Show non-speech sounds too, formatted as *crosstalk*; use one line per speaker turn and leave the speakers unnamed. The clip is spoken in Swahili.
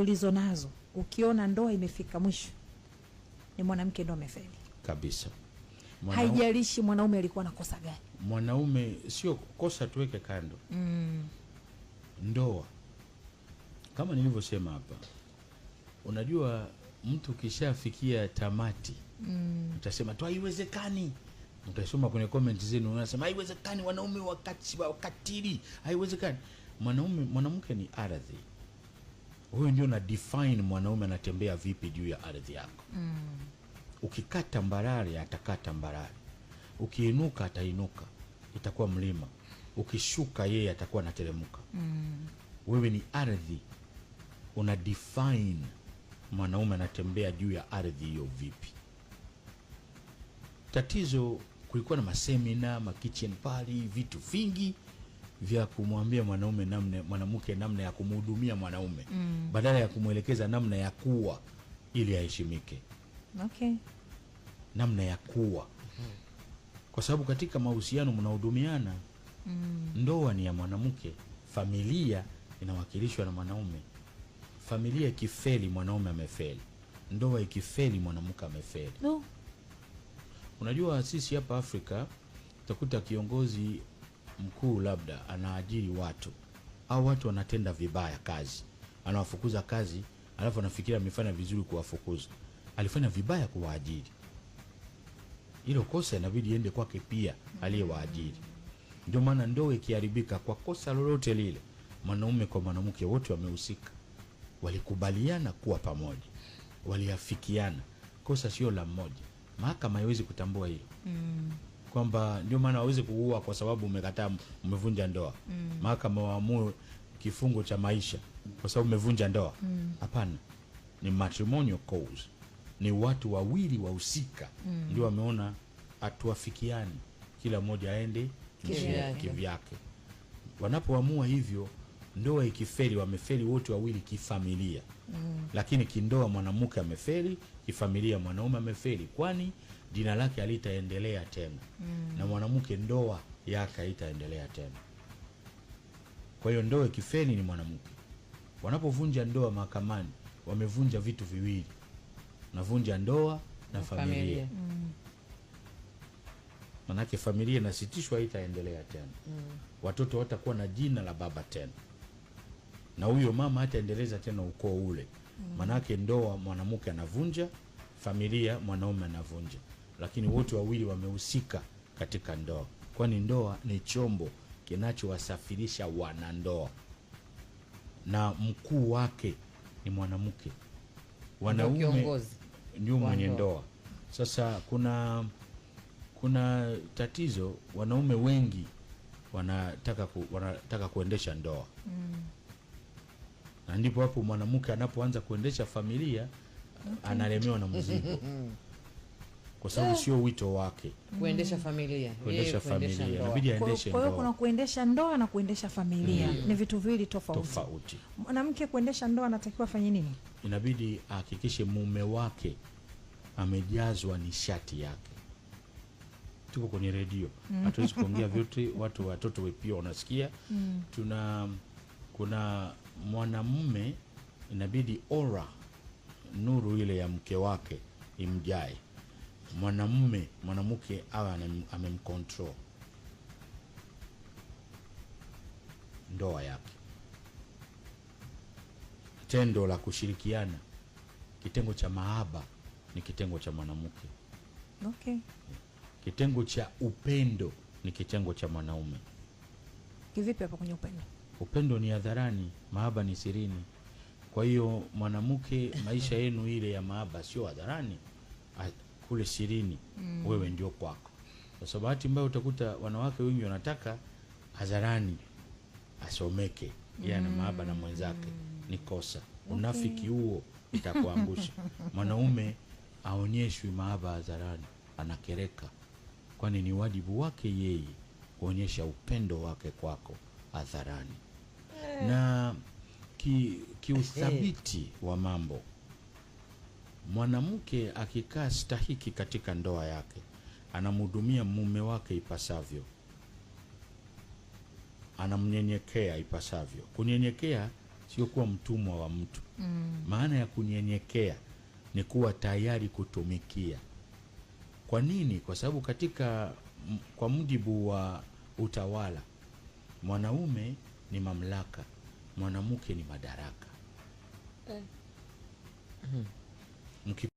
tulizo nazo, ukiona ndoa imefika mwisho, ni mwanamke ndo amefeli kabisa. Mwanaume, haijalishi mwanaume alikuwa na kosa gani.
Mwanaume sio kosa, tuweke kando mm. Ndoa kama nilivyosema hapa, unajua mtu kishafikia tamati mm. utasema tu haiwezekani. Utasoma kwenye comment zenu, unasema haiwezekani, wanaume wakati wakatili, haiwezekani. Mwanaume mwanamke ni ardhi huyo ndio na define mwanaume anatembea vipi juu ya ardhi yako mm. Ukikaa tambarare atakaa tambarare, ukiinuka atainuka, itakuwa mlima, ukishuka yeye atakuwa anateremka mm. Wewe ni ardhi, una define mwanaume anatembea juu ya ardhi hiyo vipi. Tatizo kulikuwa na masemina, ma kitchen party, vitu vingi vya kumwambia mwanaume namna, mwanamke namna ya kumhudumia mwanaume
mm. badala
ya kumwelekeza namna ya kuwa ili aheshimike. Okay. namna ya kuwa mm-hmm. kwa sababu katika mahusiano mnahudumiana mm. Ndoa ni ya mwanamke, familia inawakilishwa na mwanaume. Familia ikifeli, mwanaume amefeli. Ndoa ikifeli, mwanamke amefeli no. Unajua sisi hapa Afrika utakuta kiongozi mkuu labda anaajiri watu au watu wanatenda vibaya kazi, anawafukuza kazi, alafu anafikiria amefanya vizuri kuwafukuza, alifanya vibaya kuwaajiri. Hilo kosa inabidi iende kwake pia aliyewaajiri. Ndio maana ndoa ikiharibika kwa kosa lolote lile, mwanaume kwa mwanamke, wote wamehusika, walikubaliana kuwa pamoja, waliafikiana. Kosa sio la mmoja, mahakama haiwezi kutambua hilo mm kwamba ndio maana waweze kuua kwa sababu umekataa, umevunja ndoa
mm. mahakama
waamue kifungo cha maisha kwa sababu umevunja ndoa
mm. hapana.
Mm. Ni matrimonial cause, ni watu wawili wahusika mm. ndio wameona hatuafikiani, kila mmoja aende kivyake. Wanapoamua hivyo ndoa ikifeli, wamefeli wote wawili kifamilia mm. Lakini kindoa mwanamke amefeli, kifamilia mwanaume amefeli, kwani jina lake alitaendelea tena mm. Na mwanamke ndoa yake haitaendelea tena. Kwa hiyo ndoa ikifeli ni mwanamke. Wanapovunja ndoa mahakamani, wamevunja vitu viwili, navunja ndoa na, na familia, familia. Mm. Manake familia inasitishwa, itaendelea tena mm. Watoto watakuwa na jina la baba tena na huyo mama hataendeleza tena ukoo ule. Manake ndoa mwanamke anavunja, familia mwanaume anavunja, lakini wote wawili wamehusika katika ndoa, kwani ndoa ni chombo kinachowasafirisha wanandoa na mkuu wake ni mwanamke, wanaume ndio mwenye ndoa. Sasa kuna kuna tatizo, wanaume wengi wanataka ku, wanataka kuendesha ndoa mm na ndipo hapo mwanamke anapoanza kuendesha familia okay. analemewa na mzigo
*laughs*
kwa sababu yeah. sio wito wake
kuendesha familia,
kuendesha familia inabidi aendeshe ndoa. Kwa hiyo kuna
kuendesha ndoa na kuendesha familia mm. ni vitu viwili tofauti tofauti. Mwanamke kuendesha ndoa anatakiwa afanye nini?
Inabidi ahakikishe mume wake amejazwa nishati yake. Tuko kwenye redio mm. hatuwezi mm. kuongea *laughs* vyote, watu watoto pia wanasikia mm. tuna kuna mwanamume inabidi ora nuru ile ya mke wake imjae mwanamume, mwanamke awe amemcontrol ndoa yake. Tendo la kushirikiana, kitengo cha mahaba ni kitengo cha mwanamke. Okay. Kitengo cha upendo ni kitengo cha mwanaume.
Kivipi hapo kwenye upendo?
Upendo ni hadharani, mahaba ni sirini. Kwa hiyo mwanamke, maisha yenu ile ya mahaba sio hadharani, kule sirini mm. Wewe ndio kwako. sababu bahati mbaya utakuta wanawake wengi wanataka hadharani asomeke yeye ana mm. mahaba na mwenzake, ni kosa. Unafiki huo itakuangusha. *laughs* Mwanaume aonyeshwi mahaba hadharani, anakereka, kwani ni wajibu wake yeye kuonyesha upendo wake kwako hadharani na kiuthabiti ki wa mambo, mwanamke akikaa stahiki katika ndoa yake, anamhudumia mume wake ipasavyo, anamnyenyekea ipasavyo. Kunyenyekea sio kuwa mtumwa wa mtu mm. Maana ya kunyenyekea ni kuwa tayari kutumikia. Kwa nini? Kwa sababu katika, kwa mujibu wa utawala, mwanaume ni mamlaka, mwanamke ni madaraka. Mm. Mki